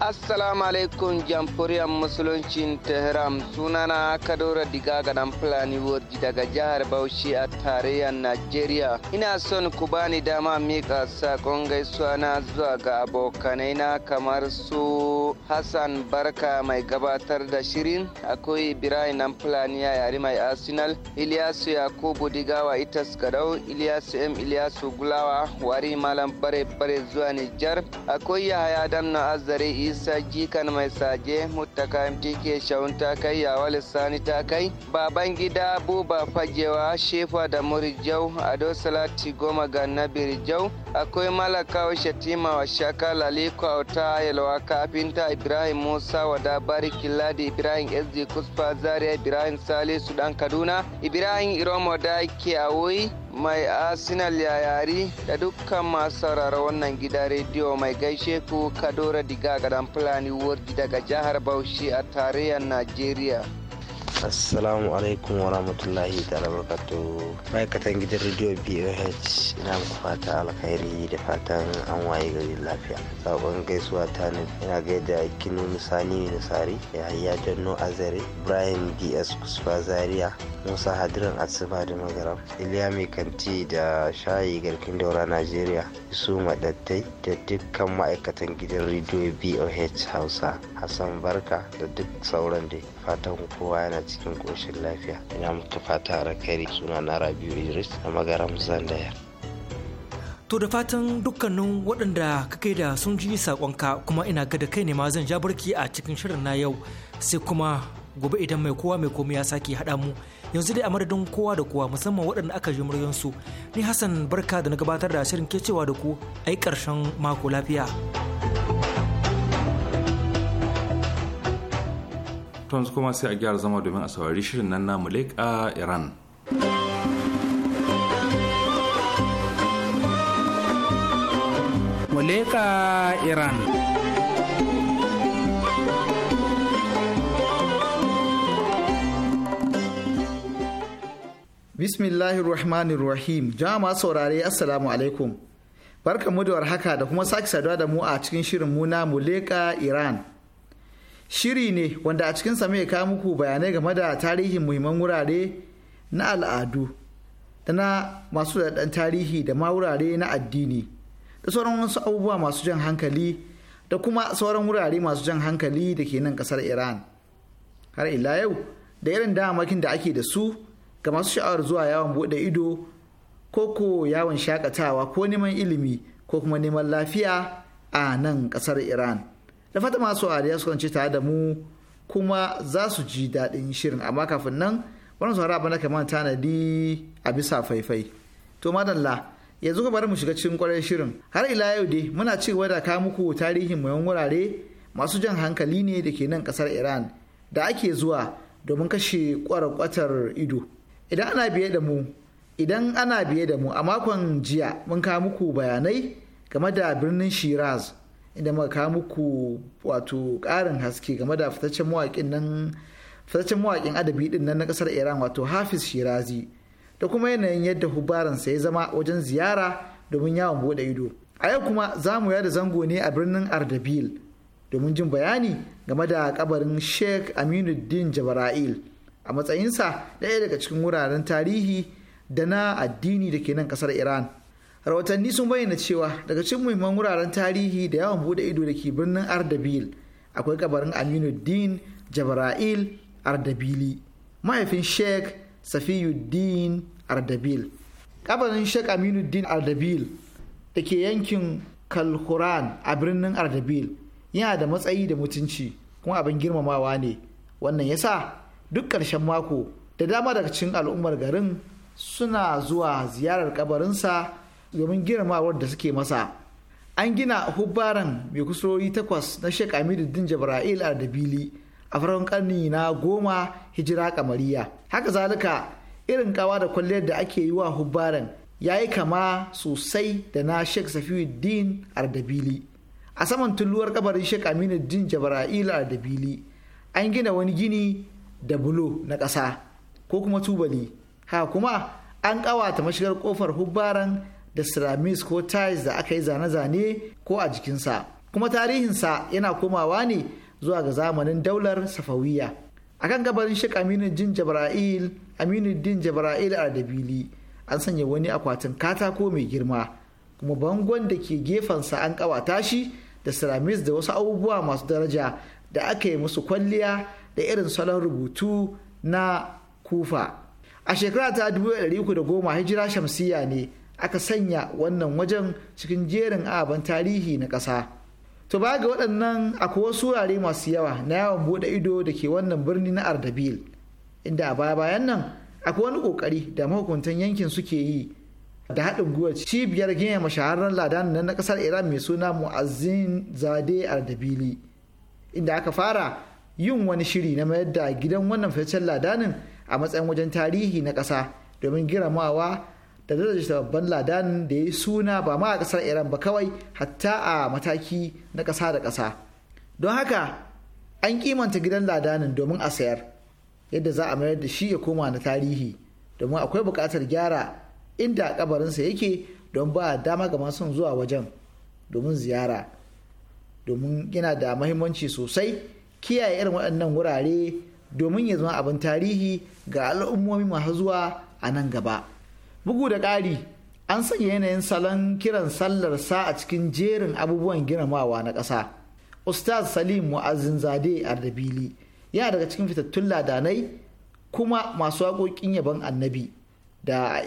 assalamu alaikum jamhuriyar musuluncin tehran sunana kadora diga ga dan fulani daga jihar bauchi a tarayyar najeriya ina son ku bani dama mika sakon gaisuwa na zuwa ga abokanai na kamar su hassan barka mai gabatar da shirin akwai ibrahim dan fulani ya yari mai arsenal iliyasu yakubu digawa itas gadau iliyasu m iliyasu gulawa wari malam bare bare zuwa nijar akwai yahaya dan na azare isa jikan mai saje muttaka mtk shaun ta kai yawa lissani ta kai baban gida buba fagewa shefa da murijau ado salati goma ga nabirijau akwai malaka shatima wa shaka laliko auta yalwa kafinta ibrahim musa wada bariki ladi ibrahim sd kusfa zaria ibrahim salisu dan kaduna ibrahim iromo da ke awoyi mai arsenal ya yayari da dukkan masu sauraro wannan gida rediyo mai gaishe ku kadora diga gadan fulani wardi daga jihar bauchi a tarayyar najeriya assalamu alaikum wa rahmatullahi ta'ala albarkatu ma'aikatan gidan rediyo boh ina muku fata alkhairi da fatan an waye gari lafiya sabon gaisuwa ta nan ina gaida kinu misani nisari yahaya janno azare ibrahim ds kusfa zaria musa hadiran asuba da magaram iliya mai kanti da shayi garkin daura najeriya su madattai da dukkan ma'aikatan gidan rediyo boh hausa hassan barka da duk sauran da fatan kowa yana cikin ƙoshin lafiya ina muku fata kari. suna na rabiu idris a magaram zandaya to da fatan dukkanin waɗanda kai da sun ji saƙonka kuma ina ga da kai ne ma zan ja barki a cikin shirin na yau sai kuma gobe idan mai kowa mai komai ya sake haɗa mu yanzu dai a madadin kowa da kowa musamman waɗanda aka ji muryansu ni hassan barka da na gabatar da shirin ke cewa da ku ai ƙarshen mako lafiya. tun kuma sai a gyara zama domin a saurari shirin nan na muleka iran muleka iran bismillahir rahmanir rahim jama saurare assalamu alaikum barkanmu da warhaka da kuma sake saduwa da mu a cikin shirin muna muleka iran shiri ne wanda a cikinsa mai kawo muku bayanai game da tarihin muhimman wurare na al'adu da na masu daɗaɗɗen tarihi da ma wurare na addini da sauran wasu abubuwa masu jan hankali da kuma sauran wurare masu jan hankali da ke nan ƙasar iran har ila yau da irin damakin da ake da su ga masu sha'awar zuwa yawon buɗe ido ko ko yawon shakatawa ko neman ilimi ko kuma neman lafiya a nan ƙasar iran da fata masu ariya su kwanci tare da mu kuma za su ji daɗin shirin amma kafin nan wani saurara bana kama tanadi a bisa faifai to madalla yanzu ka bari mu shiga cikin kwarar shirin har ila yau dai muna ci gaba da ka muku tarihin mai wurare masu jan hankali ne da ke nan kasar iran da ake zuwa domin kashe kwarakwatar ido idan ana biye da mu idan ana biye da mu a makon jiya mun ka muku bayanai game da birnin shiraz inda muka kawo muku wato ƙarin haske game da fitaccen mawaƙin nan fitaccen mawaƙin adabi din nan na ƙasar iran wato hafiz shirazi da kuma yanayin yadda hubaransa ya zama wajen ziyara domin yawon buɗe ido a yau kuma za mu yada zango ne a birnin ardabil domin jin bayani game da kabarin sheikh aminuddin jabara'il a matsayinsa ɗaya daga cikin wuraren tarihi da na addini da ke nan ƙasar iran rahotanni sun bayyana cewa daga cikin muhimman wuraren tarihi da yawan bude ido da ke birnin ardabil akwai kabarin aminuddin jabra'il ardabili mahaifin sheikh safiyuddin ardabil kabarin sheikh aminuddin ardabil da ke yankin kalhuran a birnin ardabil yana da matsayi da mutunci kuma abin girmamawa ne wannan yasa duk ƙarshen mako da dama daga cikin al'ummar garin suna zuwa ziyarar kabarinsa domin girmamawar da suke masa an gina hubbaran mai kusurori takwas na sheik din jabra'il a dabili a farkon karni na goma hijira kamariya haka zalika irin kawa da kwalliyar da ake yi wa hubbaran ya yi kama sosai da na sheik safiuddin ardabili a saman tulluwar kabarin sheik aminuddin jabra'il ardabili an gina wani gini da bulo na ƙasa ko kuma tubali haka kuma an ƙawata mashigar ƙofar hubbaran da ceramics ko tiles da aka yi zane-zane ko a jikinsa kuma tarihinsa yana komawa ne zuwa ga zamanin daular safawiya a kan gabarin shek aminuddin jabra'il aminuddin jabra'il dabili an sanya wani akwatin katako mai girma kuma bangon da ke gefensa an kawata shi da ceramics da wasu abubuwa masu daraja da aka yi musu kwalliya da irin salon rubutu na kufa a shekara ta 1310 hijira shamsiyya ne aka sanya wannan wajen cikin jerin aban tarihi na ƙasa. To ba ga waɗannan akwai wasu wurare masu yawa na yawon buɗe ido da ke wannan birni na Ardabil, inda a baya bayan nan akwai wani ƙoƙari da mahukuntan yankin suke yi da haɗin gwiwar cibiyar gina mashaharar ladan nan na ƙasar Iran mai suna Mu'azzin Zade Ardabili, inda aka fara yin wani shiri na mayar da gidan wannan fitaccen ladanin a matsayin wajen tarihi na ƙasa domin giramawa da darajar babban ladan da ya yi suna ba ma a kasar iran ba kawai hatta a mataki na ƙasa da ƙasa don haka an kimanta gidan ladanin domin a sayar yadda za a mayar da shi ya koma na tarihi domin akwai buƙatar gyara inda kabarinsa yake don ba dama ga masu zuwa wajen domin ziyara domin yana da mahimmanci sosai kiyaye irin waɗannan wurare domin ya zama abin tarihi ga al'ummomi masu zuwa a nan gaba. bugu da ƙari an sanya yanayin salon kiran sallar sa a cikin jerin abubuwan girmamawa na ƙasa ustaz salim mu'azzin zade ardabili yana daga cikin fitattun ladanai kuma masu waƙoƙin yabon annabi da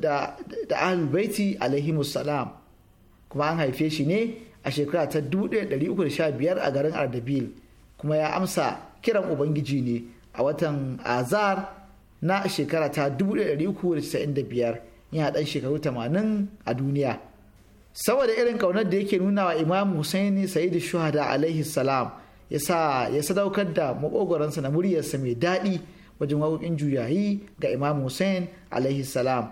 da ahlul baiti alaihimus salam kuma an haife shi ne a shekara ta 1315 a garin ardabil kuma ya amsa kiran ubangiji ne a watan azar na shekara ta 1995 yana ɗan shekaru 80 a duniya saboda irin ƙaunar da yake nuna wa imam Hussein Saidu Shuhada alaihi salam ya sadaukar da makogoransa na muryarsa mai daɗi wajen waƙoƙin juyayi ga imam Hussein alaihi salam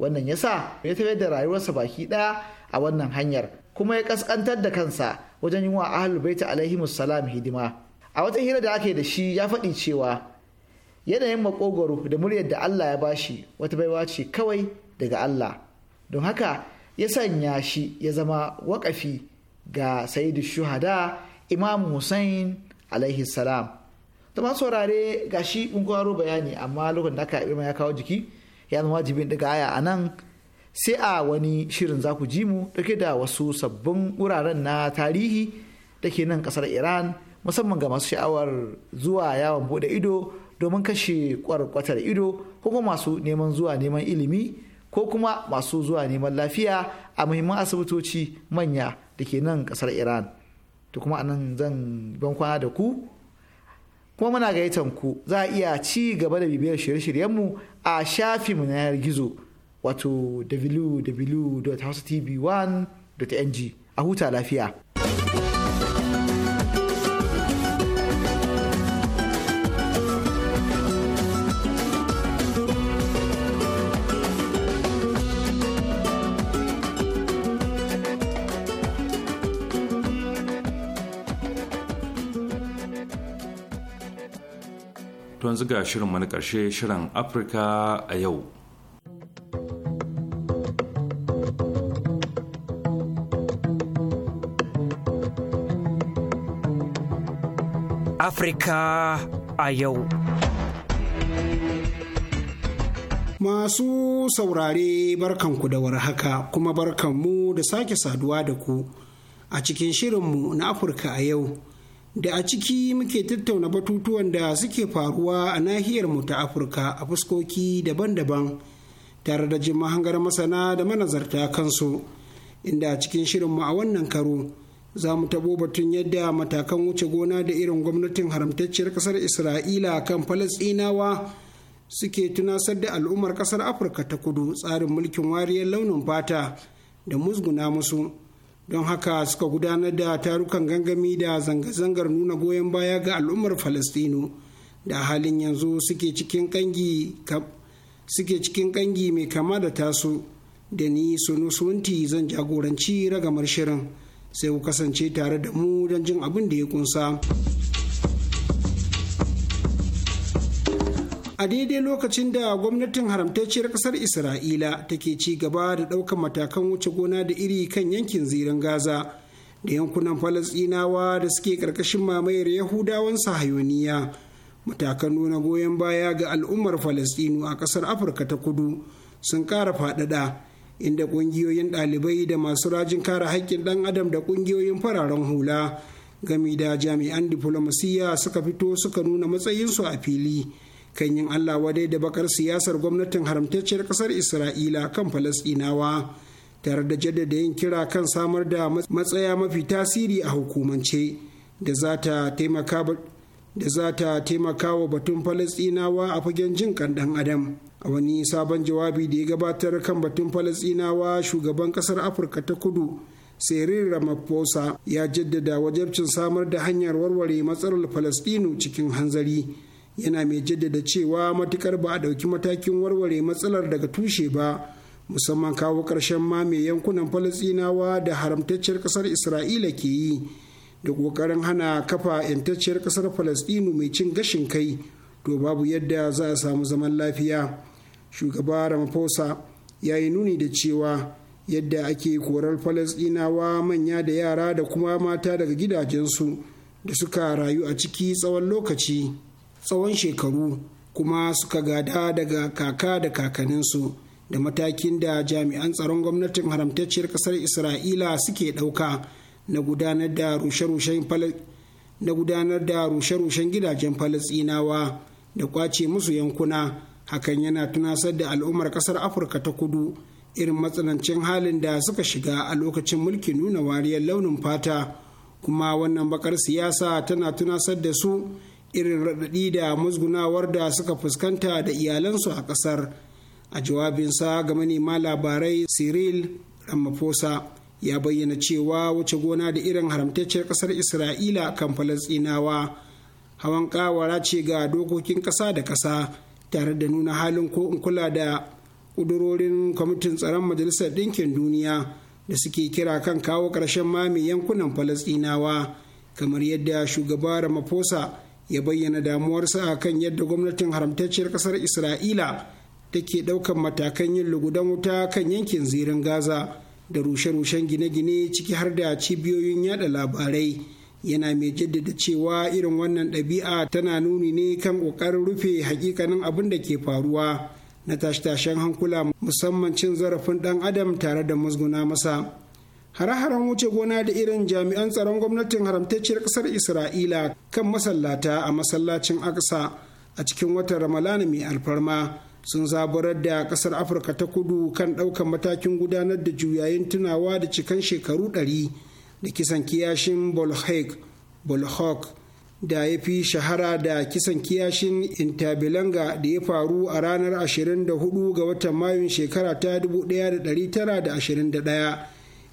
wannan yasa ya tafiyar da rayuwarsa baki ɗaya a wannan hanyar kuma ya kaskantar da kansa wajen yi wa ahlul baita alaihi salam hidima a wata hira da ake da shi ya faɗi cewa yanayin makogwaro da muryar da Allah ya bashi wata baiwa ce kawai daga Allah don haka ya sanya shi ya zama wakafi ga sayidu shuhada imam Hussein alaihi salam da masu saurare ga shi ungwaro bayani amma lokacin da aka ya kawo jiki ya zama wajibin daga aya a nan sai a wani shirin za ku ji mu dauke da wasu sabbin wuraren na tarihi da ke nan kasar iran musamman ga masu sha'awar zuwa yawon bude ido domin kashe kwarkwatar ido ko kuma masu neman zuwa neman ilimi ko kuma masu zuwa neman lafiya a muhimman asibitoci manya da ke nan kasar iran to kuma anan zan ban kwana da ku kuma muna gaitan ku za a iya ci gaba da bibiyar shirye-shiryenmu a mu na yanar gizo wato www.housetv1.ng a huta lafiya. to yanzu ga shirin na karshe shirin afirka a yau Afirka a yau. Masu saurare barkanku da warhaka kuma barkanmu da sake saduwa da ku a cikin shirinmu na Afirka a yau. da a ciki muke tattauna batutuwan da suke faruwa a nahiyar mu ta afirka a fuskoki daban-daban tare da jin mahangar masana da manazarta kansu inda a cikin shirinmu a wannan karo za mu tabo batun yadda matakan wuce gona da irin gwamnatin haramtacciyar kasar isra'ila kan falasinawa suke tunasar da al'ummar kasar afirka ta kudu tsarin mulkin wariyar launin fata da musguna musu don haka suka gudanar da tarukan gangami da zanga-zangar nuna goyon baya ga al'ummar falastinu da halin yanzu suke cikin kangi mai kama da taso da ni sunu suwanti zan jagoranci ragamar shirin sai ku kasance tare da mu don jin abin da ya kunsa. a daidai lokacin da gwamnatin haramtacciyar kasar isra'ila take ci gaba da ɗaukar matakan wuce gona da iri kan yankin zirin gaza da yankunan falasɗinawa da suke ƙarƙashin mamayar yahudawan sahayoniya matakan nuna goyon baya ga al'ummar falasɗinu a ƙasar afirka ta kudu sun ƙara faɗaɗa inda ƙungiyoyin ɗalibai da masu rajin kare haƙƙin ɗan adam da ƙungiyoyin fararen hula gami da jami'an diflomasiyya suka fito suka nuna matsayinsu a fili kan yin Allah wadai da bakar siyasar gwamnatin haramtacciyar kasar Isra'ila kan Falasɗinawa tare da jaddada yin kira kan samar da matsaya mafi tasiri a hukumance da za ta taimaka wa batun Falasɗinawa a fagen jin kan ɗan adam. A wani sabon jawabi da ya gabatar kan batun Falasɗinawa shugaban ƙasar Afirka ta kudu Cyril Ramaphosa ya jaddada wajabcin samar da hanyar warware matsalar Falasɗinu cikin hanzari. yana mai jaddada cewa matukar ba a ɗauki matakin warware matsalar daga tushe ba musamman kawo ƙarshen mame yankunan falasinawa da haramtacciyar ƙasar isra'ila ke yi da ƙoƙarin hana kafa 'yantacciyar ƙasar falasɗinu mai cin gashin kai to babu yadda za a samu zaman lafiya shugaba ramaphosa ya yi nuni da cewa yadda ake korar falasɗinawa manya da yara da kuma mata daga gidajensu da suka rayu a ciki tsawon lokaci tsawon shekaru kuma suka gada daga kaka da kakaninsu da matakin da jami'an tsaron gwamnatin haramtacciyar kasar isra'ila suke ɗauka na gudanar da rushe-rushen gidajen falasinawa da kwace musu yankuna hakan yana tunasar da al'ummar kasar afirka ta kudu irin matsanancin halin da suka shiga a lokacin mulkin nuna wariyar launin fata kuma wannan bakar siyasa tana tunasar da su irin raɗaɗi da musgunawar da suka fuskanta da iyalansu a ƙasar a jawabinsa ga manema labarai cyril ramaphosa ya bayyana cewa wuce gona da irin haramtacciyar ƙasar isra'ila kan falasɗinawa hawan ƙawara ce ga dokokin ƙasa da ƙasa tare da nuna halin ko in kula da ƙudurorin kwamitin tsaron majalisar ɗinkin duniya da suke kira kan kawo ƙarshen mame yankunan falasɗinawa kamar yadda shugaba ramaphosa ya bayyana damuwarsa a kan yadda gwamnatin haramtacciyar kasar isra'ila take ɗaukan matakan yin lugudan wuta kan yankin zirin gaza da rushe-rushen gine-gine ciki har da cibiyoyin yada labarai yana mai jaddada cewa irin wannan ɗabi'a tana nuni ne kan ƙoƙarin rufe hakikanin abin da ke faruwa na tashe-tashen hankula musamman cin zarafin ɗan adam tare da musguna masa hare-haren wuce gona da irin jami'an tsaron gwamnatin haramtacciyar ƙasar isra'ila kan masallata a masallacin aksa a cikin watan ramalana mai alfarma sun zaburar da ƙasar afirka ta kudu kan ɗaukan matakin gudanar da juyayin tunawa da cikan shekaru ɗari da kisan kiyashin bolhok da ya fi shahara da kisan kiyashin intabilanga da ya faru a ranar 24 ga watan mayun shekara ta 1921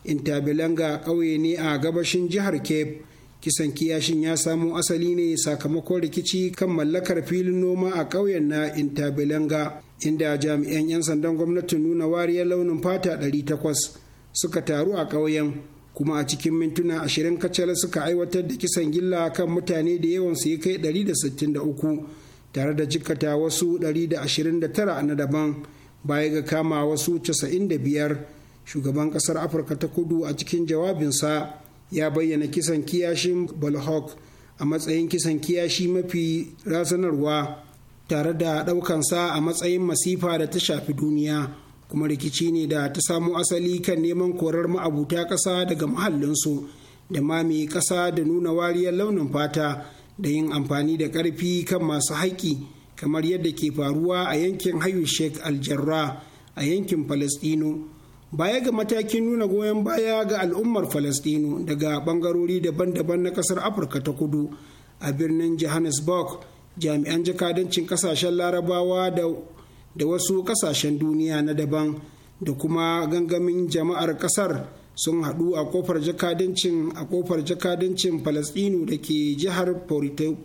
intabilanga ƙauye ne a gabashin jihar cape kisan kiyashin ya samo asali ne sakamakon rikici kan mallakar filin noma a ƙauyen na intabilanga inda jami'an 'yan sandan gwamnatin nuna wariyar launin fata 800 suka taru a ƙauyen kuma a cikin mintuna 20 kacal suka aiwatar da kisan gilla kan mutane da yawan su kai 163 tare da jikata wasu 129 na daban baya ga kama wasu 95 shugaban kasar afirka ta kudu a cikin jawabinsa ya bayyana kisan kiyashin balhok a matsayin kisan kiyashi mafi razanarwa tare da ɗaukansa a matsayin masifa da ta shafi duniya kuma rikici ne da ta samo asali kan neman korar ma'abuta ƙasa daga mahallinsu da ma mai ƙasa da nuna wariyar launin fata da yin amfani da ƙarfi kan masu haƙƙi kamar yadda ke faruwa a yankin hayu sheikh aljarra a yankin falastino baya ga matakin nuna goyon baya ga al'ummar falastinu daga bangarori daban-daban na kasar afirka ta kudu a birnin johannesburg jami'an jakadancin kasashen larabawa da wasu kasashen duniya na daban da kuma gangamin jama'ar kasar sun hadu a kofar jakadancin a kofar jakadancin falastinu da ke jihar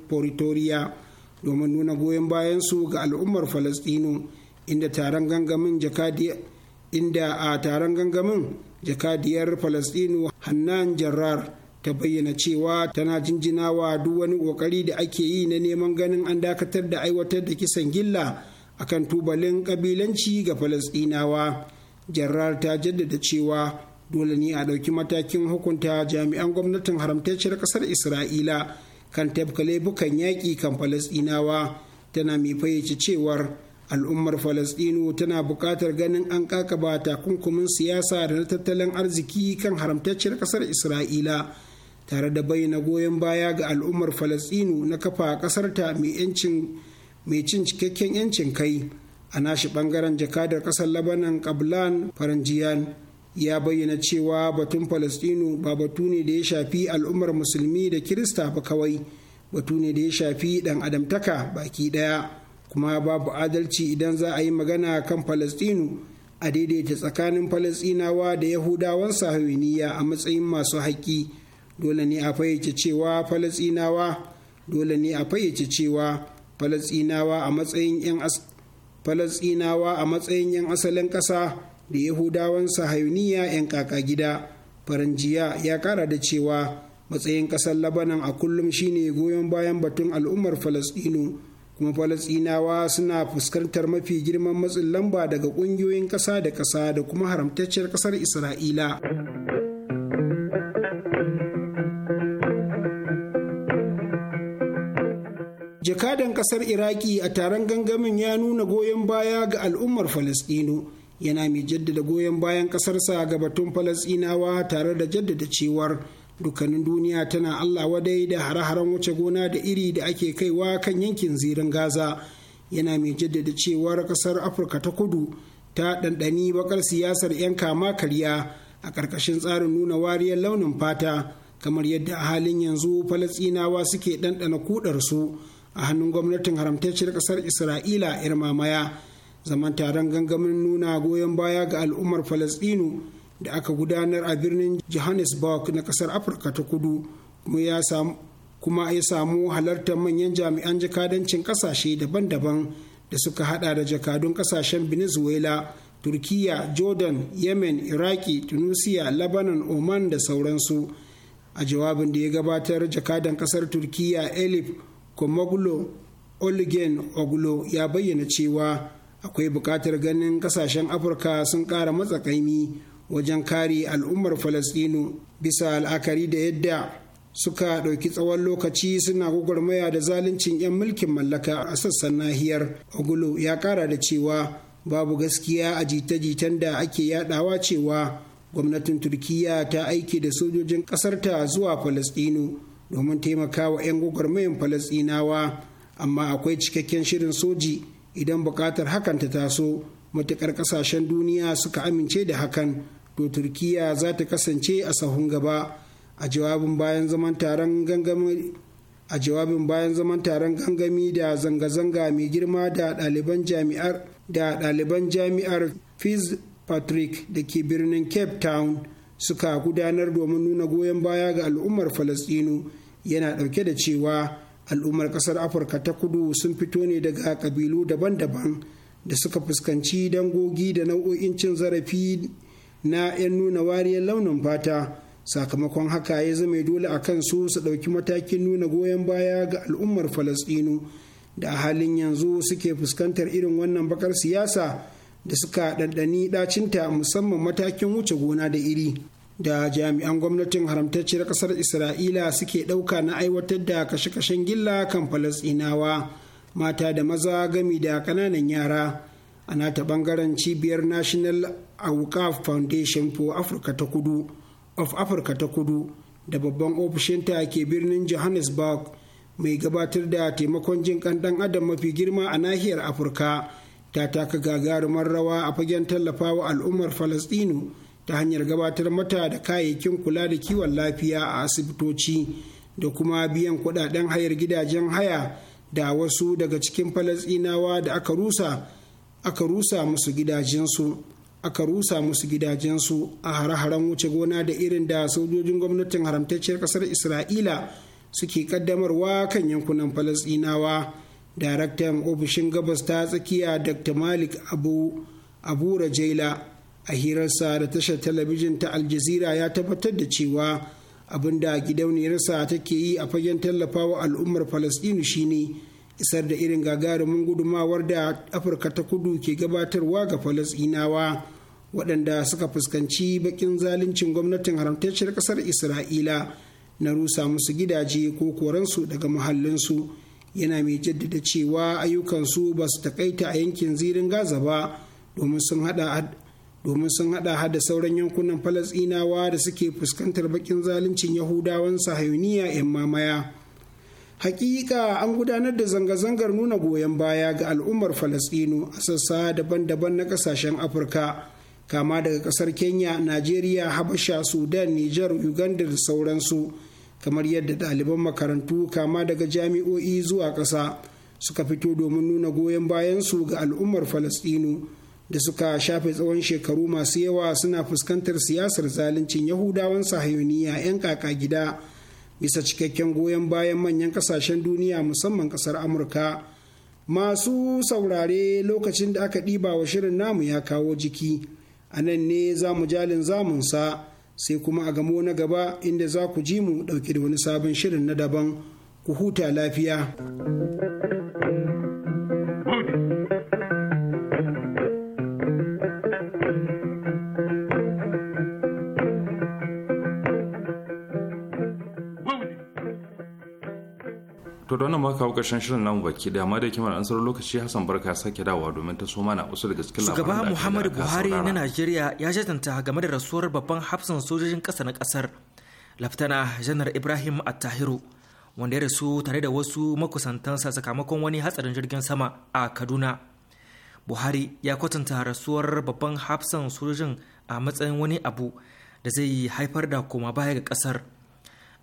pretoria domin nuna goyon bayansu ga al'ummar falastinu inda taron gangamin jakadiyar inda a taron gangamin jakadiyar falasɗinu hannan jarrar ta bayyana cewa tana jinjinawa duk wani ƙoƙari da ake yi na neman ganin an dakatar da aiwatar da kisan gilla akan tubalin kabilanci ga falasɗinawa jarrar ta jaddada cewa dole ne a ɗauki matakin hukunta jami'an gwamnatin haramtacciyar ƙasar isra'ila kan tafka laifukan yaƙi kan falasɗinawa tana mai fayyace cewar al'ummar falasɗinu tana buƙatar ganin an ƙaƙaba takunkumin siyasa da na tattalin arziki kan haramtacciyar ƙasar isra'ila tare da bayyana goyon baya ga al'ummar falasɗinu na kafa ƙasarta mai cin cikakken 'yancin kai a nashi ɓangaren jakadar ƙasar labanan kablan faranjiyan ya bayyana cewa batun falasɗinu ba batu ne da ya shafi al'ummar musulmi da kirista ba kawai batu ne da ya shafi ɗan adamtaka baki ɗaya kuma babu adalci idan za a yi magana kan falastinu a daidaita tsakanin falastinawa da yahudawan sahawiniya a matsayin masu haƙƙi dole ne a fayyace cewa falastinawa dole ne a fayyace cewa falastinawa a matsayin 'yan falastinawa a matsayin 'yan asalin ƙasa da yahudawan sahayuniya 'yan kaka gida faranjiya ya kara da cewa matsayin ƙasar labanan a kullum shine goyon bayan batun al'ummar falastinu kuma falasinawa suna fuskantar mafi girman matsin lamba daga kungiyoyin kasa da kasa da kuma haramtacciyar kasar isra'ila jakadan kasar iraki a taron gangamin ya nuna goyon baya ga al'ummar falasɗinu yana mai jaddada goyon bayan kasarsa ga batun falasinawa tare da jaddada cewar dukkanin duniya tana allah wadai da hare-haren wuce gona da iri da ake kaiwa kan yankin zirin gaza yana mai jaddada cewar kasar afirka ta kudu ta ɗanɗani bakar siyasar 'yan kama karya a ƙarƙashin tsarin nuna wariyar launin fata kamar yadda a halin yanzu falasinawa suke ɗanɗana kudarsu a hannun gwamnatin haramtacciyar ƙasar isra'ila irmamaya zaman taron gangamin nuna goyon baya ga al'ummar falasɗinu da aka gudanar a birnin johannesburg na kasar afirka ta kudu kuma ya samu halartar manyan jami'an jakadancin kasashe daban-daban da suka hada da jakadun kasashen venezuela turkiya jordan yemen iraki tunisia lebanon oman da sauransu a jawabin da ya gabatar jakadan kasar turkiya elif komoglu oligen ogulo ya bayyana cewa akwai bukatar ganin kasashen afirka sun ƙara matsakaimi wajen kare al'ummar falasɗinu bisa al'akari da yadda suka ɗauki tsawon lokaci suna gwagwarmaya da zaluncin 'yan mulkin mallaka a sassan nahiyar ogulu ya ƙara da cewa babu gaskiya a jita-jitan da ake yadawa cewa gwamnatin turkiya ta aiki da sojojin ƙasarta zuwa falasɗinu domin taimakawa 'yan gwagwarmayan falasɗinawa amma akwai cikakken shirin soji idan buƙatar hakan ta taso matuƙar ƙasashen duniya suka amince da hakan to turkiya za ta kasance a sahun gaba a jawabin bayan zaman taron gangami a jawabin bayan zaman taron gangami da zanga-zanga mai girma da ɗaliban jami'ar da ɗaliban jami'ar patrick da ke birnin Cape Town suka gudanar domin nuna goyon baya ga al'ummar Falasɗinu yana ɗauke da cewa al'ummar ƙasar Afirka ta kudu sun fito ne daga ƙabilu daban-daban da suka fuskanci dangogi da nau'o'in cin zarafi na 'yan nuna wariyar launin fata sakamakon haka ya zama dole a kan su su ɗauki matakin nuna goyon baya ga al'ummar falasɗinu da a halin yanzu suke fuskantar irin wannan bakar siyasa da suka ɗanɗani ɗacinta musamman matakin wuce gona da iri da jami'an gwamnatin haramtacciyar ƙasar isra'ila suke ɗauka na aiwatar da kashe-kashen gilla kan falasɗinawa mata da maza gami da ƙananan yara a nata bangaren cibiyar national awukaf foundation for africa ta kudu of africa ta kudu da babban ofishinta ke birnin johannesburg mai gabatar da taimakon jin kan dan adam mafi girma a nahiyar afirka ta taka gagarumar rawa a fagen tallafawa al'ummar falastinu ta hanyar gabatar mata da kayayyakin kula da kiwon lafiya a asibitoci da kuma biyan kudaden hayar gidajen haya da wasu daga cikin falasɗinawa da aka rusa aka rusa musu gidajensu aka rusa musu gidajensu a hare-haren wuce gona da irin da sojojin gwamnatin haramtacciyar kasar isra'ila suke kaddamarwa kan yankunan falasdinawa daraktan ofishin gabas ta tsakiya dr malik abu abu rajaila a hirarsa da tashar talabijin ta aljazira ya tabbatar da cewa abin da gidauniyarsa take yi a fagen tallafawa al'ummar falasdinu shine isar da irin gagarumin gudumawar da afirka ta kudu ke gabatarwa ga falasinawa waɗanda suka fuskanci bakin zaluncin gwamnatin haramtacciyar ƙasar isra'ila na rusa musu gidaje ko koransu daga muhallinsu yana mai jaddada cewa ayyukansu ba su takaita a yankin zirin gaza ba domin sun hada hada sauran yankunan falasinawa da suke fuskantar bakin zaluncin yahudawan sahayuniya 'yan mamaya hakika an gudanar da zanga-zangar nuna goyon baya ga al'ummar falasɗinu a sassa daban-daban na ƙasashen afirka kama daga ƙasar kenya najeriya habasha sudan nijar uganda da sauransu kamar yadda ɗaliban makarantu kama daga jami'o'i zuwa ƙasa suka fito domin nuna goyon bayansu ga al'ummar falasɗinu da suka shafe tsawon shekaru masu yawa suna fuskantar siyasar zaluncin yahudawan sahayoniya 'yan kaka gida bisa cikakken goyon bayan manyan kasashen duniya musamman kasar amurka masu saurare lokacin da aka ɗiba wa shirin namu ya kawo jiki a nan ne za mu jalin zamunsa sai kuma a gamo na gaba inda za ku ji mu ɗauke da wani sabon shirin na daban ku huta lafiya. to da wannan kawo ƙarshen shirin namu baki da amma da kimar an sauran lokaci hassan barka sake dawowa domin ta soma na wasu daga cikin labaran shugaba muhammadu buhari na najeriya ya jatanta game da rasuwar babban hafsan sojojin kasa na ƙasar laftana janar ibrahim attahiru wanda ya rasu tare da wasu makusantansa sakamakon wani hatsarin jirgin sama a kaduna buhari ya kwatanta rasuwar babban hafsan sojojin a matsayin wani abu da zai haifar da koma baya ga kasar.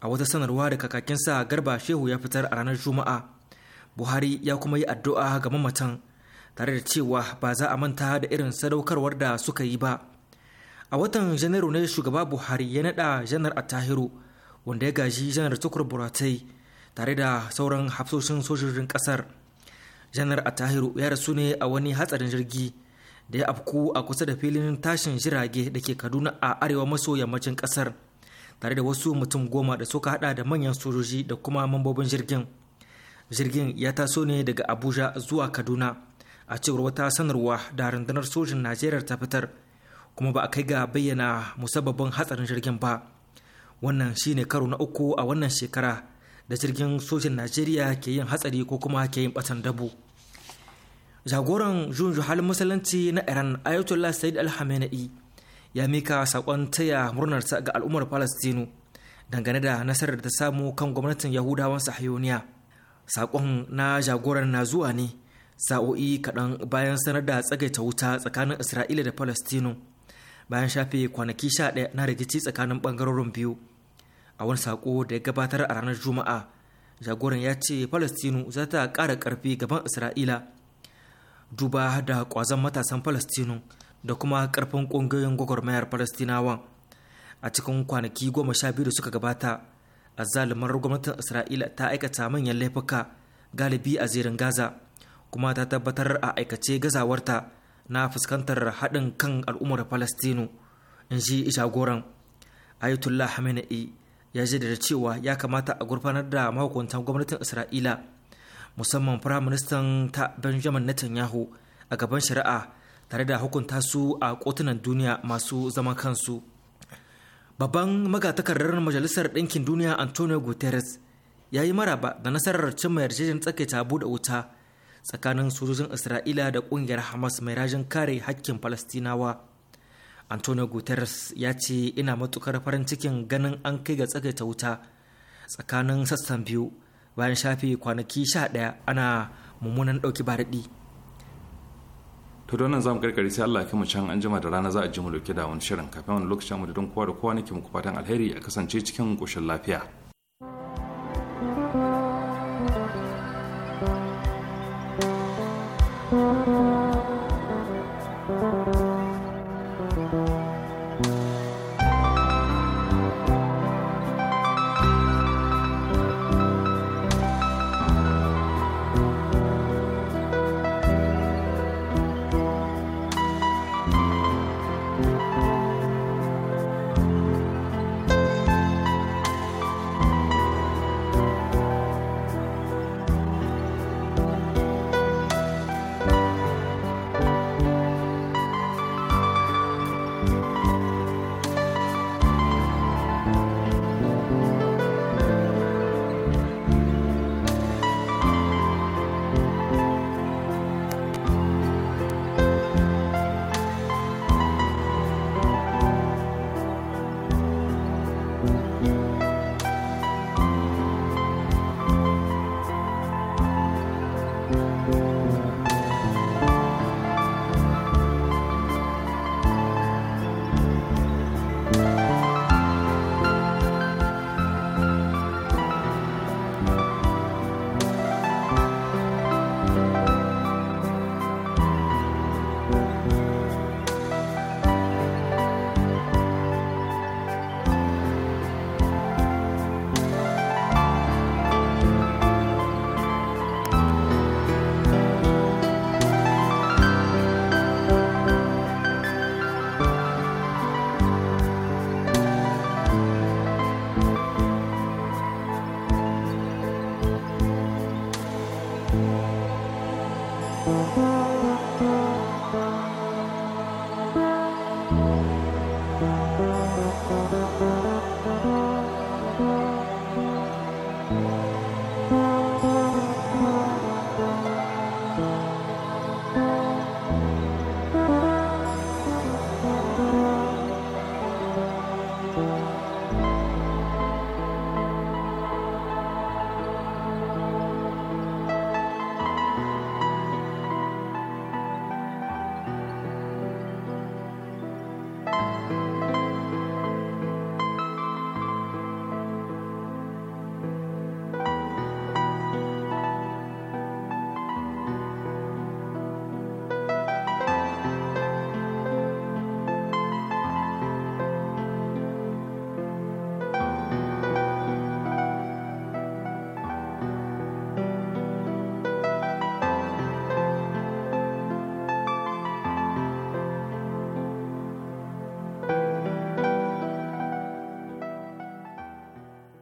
a wata sanarwa da kakakinsa garba shehu ya fitar a ranar juma'a buhari ya kuma yi addu'a ga mamatan tare da cewa ba za a manta da irin sadaukarwar da suka yi ba a watan janairu ne shugaba buhari ya naɗa janar attahiru wanda ya gaji janar tukur buratai tare da sauran hafsoshin sojojin ƙasar janar attahiru ya rasu ne a wani hatsarin jirgi da ya afku a kusa da filin tashin jirage da ke kaduna a arewa maso yammacin ƙasar tare da wasu mutum goma da suka hada da manyan sojoji da kuma mambobin jirgin jirgin ya taso ne daga abuja zuwa kaduna a cewar wata sanarwa da rundunar sojin najeriya ta fitar kuma ba a kai ga bayyana musabbabin hatsarin jirgin ba wannan shine karo na uku a wannan shekara da jirgin sojin najeriya ke yin hatsari ko kuma ke yin batan dabu jagoran junju halin musulunci na iran ayatollah said al ya mika saƙon taya murnarsa ga al'ummar Falastinu. dangane da nasarar da ta samu kan gwamnatin yahudawan sahiyoniya saƙon na jagoran na zuwa ne sa'o'i kaɗan bayan sanar da tsagaita wuta tsakanin isra'ila da Falastinu, bayan shafe kwanaki sha ɗaya na rikici tsakanin ɓangarorin biyu a wani saƙo da ya gabatar a ranar juma'a jagoran ya ce Falastinu za ta ƙara ƙarfi gaban isra'ila duba da ƙwazon matasan Falastinu. da kuma karfin ƙungiyoyin gwagwarmayar falastinawan a cikin kwanaki goma sha biyu da suka gabata a zalimar gwamnatin isra'ila ta aikata manyan laifuka galibi a zirin gaza kuma ta tabbatar a aikace gazawarta na fuskantar haɗin kan al'ummar falastinu in ji jagoran ayatollah hamenei ya da cewa ya kamata a gurfanar da mahukuntan gwamnatin isra'ila musamman firaministan ta benjamin netanyahu a gaban shari'a tare da hukunta su a kotunan duniya masu zaman kansu babban magatakardar majalisar ɗinkin duniya antonio guterres ya yi maraba da nasarar cimma yarjejen tsakaita buɗe wuta tsakanin sojojin isra'ila da ƙungiyar hamas mai rajin kare hakkin falastinawa antonio guterres ya ce ina matukar farin cikin ganin an kai ga tsakaita wuta tsakanin sassan biyu bayan shafe kwanaki sha ɗaya ana mummunan ɗauki baraɗi to da wannan zamu karkare sai Allah ya mu can anjima da rana za a ji mu dauke da wani shirin kafin wani lokacin mu da don kowa da kowa nake muku fatan alheri a kasance cikin koshin lafiya